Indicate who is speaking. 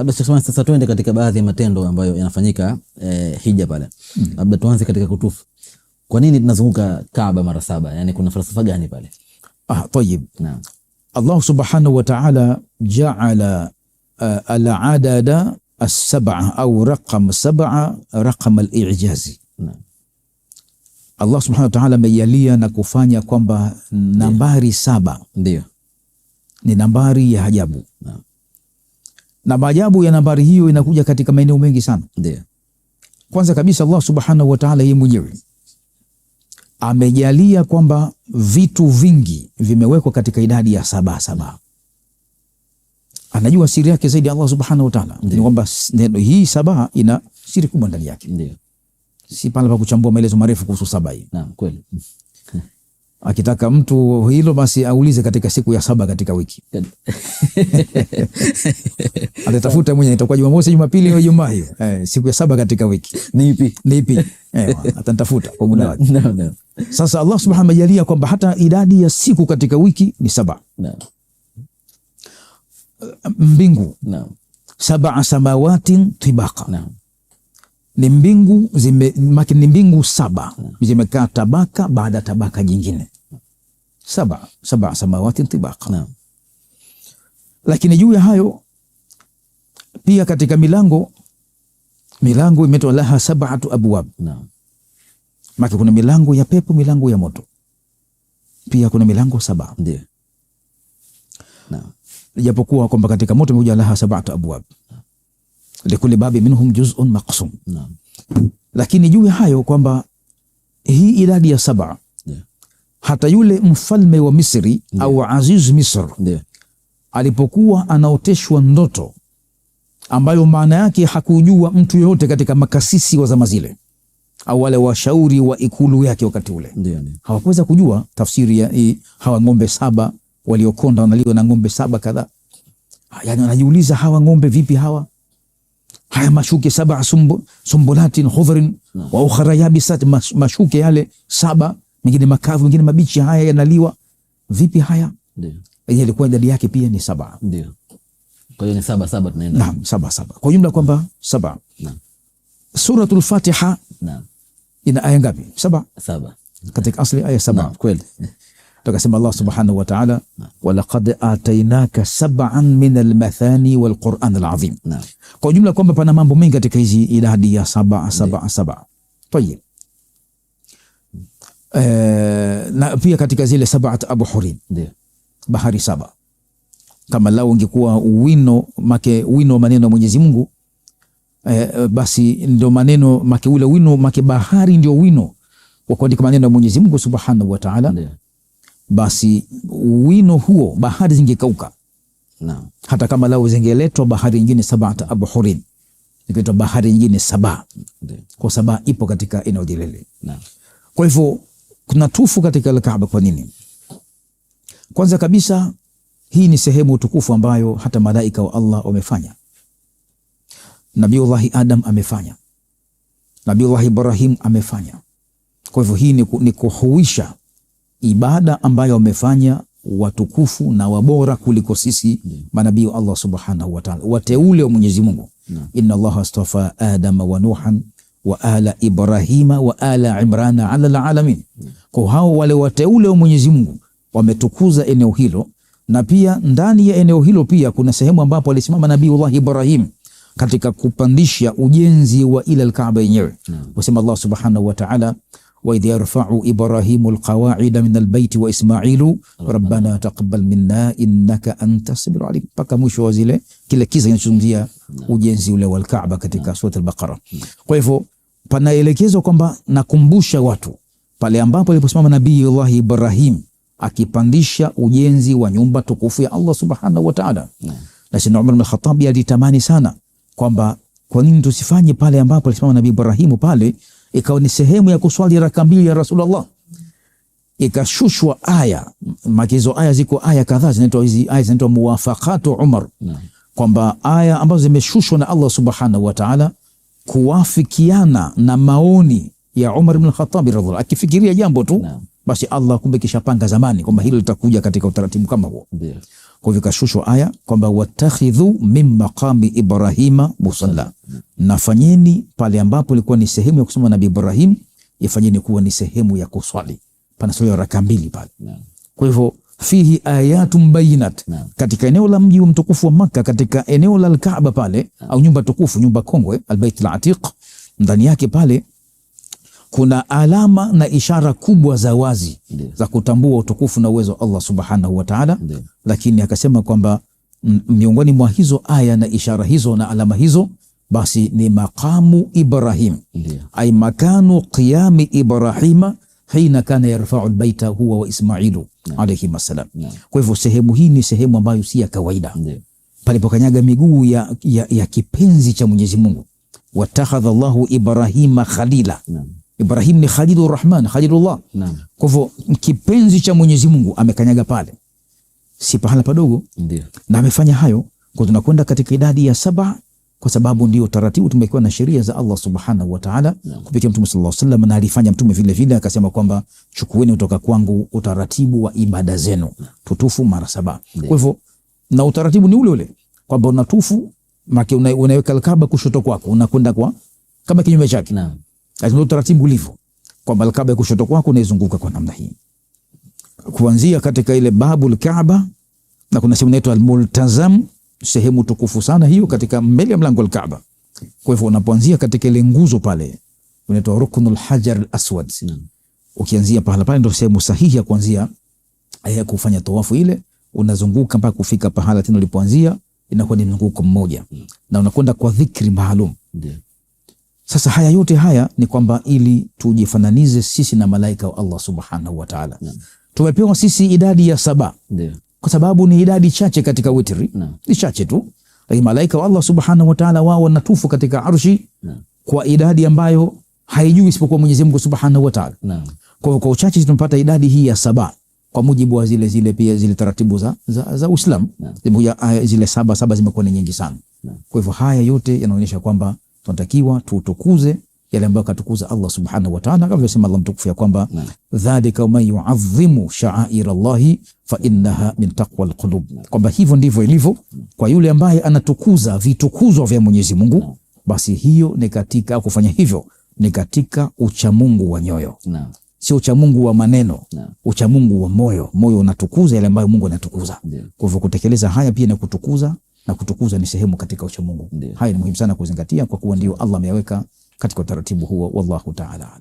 Speaker 1: Labda sasa tuende katika baadhi ya matendo ambayo yanafanyika eh, hija pale. Mm. Labda tuanze katika kutufu. Kwa nini tunazunguka Kaaba mara saba? Yani kuna falsafa gani pale?
Speaker 2: Ah, tayib. Naam. Allah subhanahu wa ta'ala ja'ala uh, al-adada as-sab'a au raqam sab'a raqam al-i'jazi. Naam. Allah subhanahu wa ta'ala amejalia na kufanya kwamba nambari saba ndio ni nambari ya ajabu. Naam na maajabu ya nambari hiyo inakuja katika maeneo mengi sana. Ndio. Kwanza kabisa Allah subhanahu wa ta'ala yeye mwenyewe amejalia kwamba vitu vingi vimewekwa katika idadi ya saba saba. Anajua siri yake zaidi Allah subhanahu wa ta'ala, ni kwamba neno hii saba ina siri kubwa ndani yake. Ndio. Si pale pa kuchambua maelezo marefu kuhusu saba hii. Naam, kweli. Akitaka mtu hilo basi aulize katika siku ya saba katika wiki atatafuta mwenye itakuwa Jumamosi, Jumapili au Ijumaa hiyo eh, siku ya saba katika wiki ni ipi? Ni ipi? Eh, atatafuta kwa muda wake. no, no. Sasa Allah subhanahu amejalia kwamba hata idadi ya siku katika wiki ni saba. no. Eh, mbingu no. sabaa samawatin tibaka no. ni mbingu zime, ni mbingu saba no. zimekaa tabaka baada tabaka jingine saba, saba samawatin tibaka no. Lakini juu ya hayo pia katika milango milango imetoa laha sab'atu abwab. Naam. Maki kuna milango ya pepo, milango ya moto. Pia kuna milango saba. Ndio. Japokuwa kwamba katika moto imekuja laha sab'atu abwab. Likuli babi minhum juz'un maqsum. Lakini juu ya hayo kwamba hii idadi ya saba Hata yule mfalme wa Misri au Aziz Misr alipokuwa anaoteshwa ndoto ambayo maana yake hakujua mtu yoyote katika makasisi wa zama zile au wale washauri wa ikulu yake wakati ule Hawakuweza kujua tafsiri ya i, hawa ng'ombe saba waliokonda wanaliwa na ng'ombe saba kadhaa. Yani wanajiuliza hawa ng'ombe vipi hawa haya mashuke saba sumbu, sumbulatin khudhrin hmm. wa ukhra yabisat, mashuke yale saba, mengine makavu, mengine mabichi, haya yanaliwa vipi haya? Ndiyo. Ilikuwa idadi yake pia ni saba. Ndiyo.
Speaker 1: Kwa hiyo ni saba saba
Speaker 2: tunaenda. Naam, saba saba. Kwa jumla kwamba saba. Naam. Suratul Fatiha. Naam. Ina aya ngapi? Saba. Saba. Katika asli aya saba. Kweli. Tukasema Allah Subhanahu wa Ta'ala, wa laqad atainaka sab'an min al-mathani wal Qur'an al-azim. Kwa jumla kwamba pana mambo mengi katika hizi idadi ya saba saba saba. Tayeb. Eh, na pia katika zile sab'at abhurin. Ndio. Bahari saba kama lao ungekuwa wino make wino maneno ya Mwenyezi Mungu e, basi ndio maneno make ule wino make bahari ndio wino wa kuandika maneno ya Mwenyezi Mungu Subhanahu wa Ta'ala, basi wino huo bahari zingekauka. Naam, hata kama lao zingeletwa bahari nyingine sabata abhurin ikaitwa bahari nyingine saba, kwa saba ipo katika eneo lile. Kwa hivyo kuna tufu katika Kaaba. Kwa nini? Kwanza kabisa hii ni sehemu tukufu ambayo hata malaika wa Allah wamefanya. Nabiullahi Adam amefanya, Nabiullahi Ibrahim amefanya. Kwa hivyo hii ni, ni kuhuisha ibada ambayo wamefanya watukufu na wabora kuliko sisi manabii wa Allah subhanahu wa ta'ala, wateule wa Mwenyezi Mungu. Inna Allah astafa Adama wa Nuhan wa ala Ibrahima wa ala Imrana ala alalamin. Kwa hao wale wateule wa Mwenyezi Mungu wametukuza eneo hilo na pia ndani ya eneo hilo pia kuna sehemu ambapo alisimama Nabii Allah Ibrahim katika kupandisha ujenzi wa ila al-Kaaba yenyewe. Wasema Allah subhanahu wa ta'ala, wa idh yarfa'u Ibrahimu al-qawa'ida min al albayti wa Ismailu rabbana taqabbal minna innaka anta antas samiul alim, mpaka mwisho wa zile kile kisa kinachozungumzia ujenzi ule wa al-Kaaba katika sura al-Baqara. Kwa hivyo panaelekezwa kwamba nakumbusha watu pale ambapo aliposimama Nabii Allah Ibrahim akipandisha ujenzi wa nyumba tukufu ya Allah subhanahu wa ta'ala. Na Sayyidna Umar bin Khattab alitamani sana kwamba kwa nini tusifanye pale ambapo alisimama Nabii Ibrahimu pale ikawa ni sehemu ya kuswali raka mbili ya Rasulullah. Ikashushwa aya makizo, aya ziko aya kadhaa zinaitwa hizi aya zinaitwa muwafaqatu Umar, kwamba aya ambazo zimeshushwa na Allah subhanahu wa ta'ala kuwafikiana na maoni ya Umar bin Khattab radhiallahu, akifikiria jambo tu na basi Allah kumbe kishapanga zamani kwamba hilo litakuja katika utaratibu kama huo. Kwa hivyo kashushwa aya kwamba watakhidhu min maqami Ibrahima musalla, nafanyeni pale ambapo ilikuwa ni sehemu ya kusoma Nabii Ibrahim, ifanyeni kuwa ni sehemu ya kuswali, Pana panaswali raka mbili pale. Kwa hivyo fihi ayatu bayinat, katika eneo la mji mtukufu wa Makka, katika eneo la Kaaba pale au nyumba tukufu, nyumba kongwe Albaitul Atiq, ndani yake pale kuna alama na ishara kubwa za wazi Ndiyo. za kutambua utukufu na uwezo wa Allah subhanahu wa ta'ala, lakini akasema kwamba miongoni mwa hizo aya na ishara hizo na alama hizo basi ni maqamu Ibrahim ay makanu qiyami Ibrahima hina kana yarfau albaita huwa wa Ismailu alayhi salam. Kwa hivyo sehemu hii ni sehemu ambayo si ya kawaida, palipokanyaga miguu ya, ya, ya kipenzi cha Mwenyezi Mungu, watakhadha Allahu Ibrahima khalila Ndiyo. Ibrahim ni Khalidur Rahman, Khalidullah. Naam. Kwa hivyo kipenzi cha Mwenyezi Mungu amekanyaga pale. Si pahala padogo. Ndio. Na amefanya hayo kwa tunakwenda katika idadi ya saba kwa sababu ndio taratibu tumekuwa na sheria za Allah Subhanahu wa Ta'ala kupitia Mtume sallallahu alaihi wasallam, na alifanya Mtume vile vile akasema kwamba chukueni kutoka kwangu utaratibu wa ibada zenu, tutufu mara saba. Kwa hivyo na utaratibu ni ule ule kwamba unatufu, maana unaweka Kaaba kushoto kwako, unakwenda kwa kama kinyume chake. Naam lazima utaratibu ulivyo kwamba Alkaba ya kushoto kwako unaizunguka kwa namna hii, kuanzia katika ile babul Kaaba, na kuna sehemu inaitwa Almultazam, sehemu tukufu sana hiyo, katika mbele ya mlango wa Kwa hivyo unapoanzia katika ile nguzo pale inaitwa ruknul hajar Alaswad, hmm. ukianzia pahala pale ndo sehemu sahihi ya kuanzia ya eh, kufanya tawafu ile. Unazunguka mpaka kufika pahala tena ulipoanzia, inakuwa ni mzunguko mmoja hmm. na unakwenda kwa dhikri maalum sasa haya yote haya ni kwamba ili tujifananize sisi na malaika wa Allah subhanahu wa ta'ala. Tumepewa sisi idadi ya saba kwa sababu ni idadi chache katika witri Deo. ni chache tu, lakini malaika wa Allah subhanahu wa ta'ala wao wanatufu katika arshi Deo. kwa idadi ambayo haijui isipokuwa Mwenyezi Mungu subhanahu wa ta'ala. Kwa kwa uchache tunapata idadi hii ya saba kwa mujibu wa zile zile pia zile taratibu za za, za Uislamu eh, zile saba saba zimekuwa ni nyingi sana. Kwa hivyo haya yote yanaonyesha kwamba tunatakiwa tutukuze yale ambayo katukuza Allah subhanahu wa ta'ala, kama alivyosema Allah mtukufu ya kwamba dhalika man yu'azzimu shaaira Allah fa innaha min taqwa alqulub, kwamba hivyo ndivyo ilivyo kwa yule ambaye anatukuza vitukuzo vya Mwenyezi Mungu, basi hiyo ni katika kufanya hivyo ni katika uchamungu wa nyoyo na sio uchamungu wa maneno na uchamungu wa moyo. Moyo unatukuza yale ambayo Mungu anatukuza. Kwa hivyo kutekeleza haya pia ni kutukuza na kutukuza ni sehemu katika ucha Mungu. Haya ni muhimu sana kuzingatia, kwa kuwa ndio Allah ameyaweka katika utaratibu huo. Wallahu taala alam.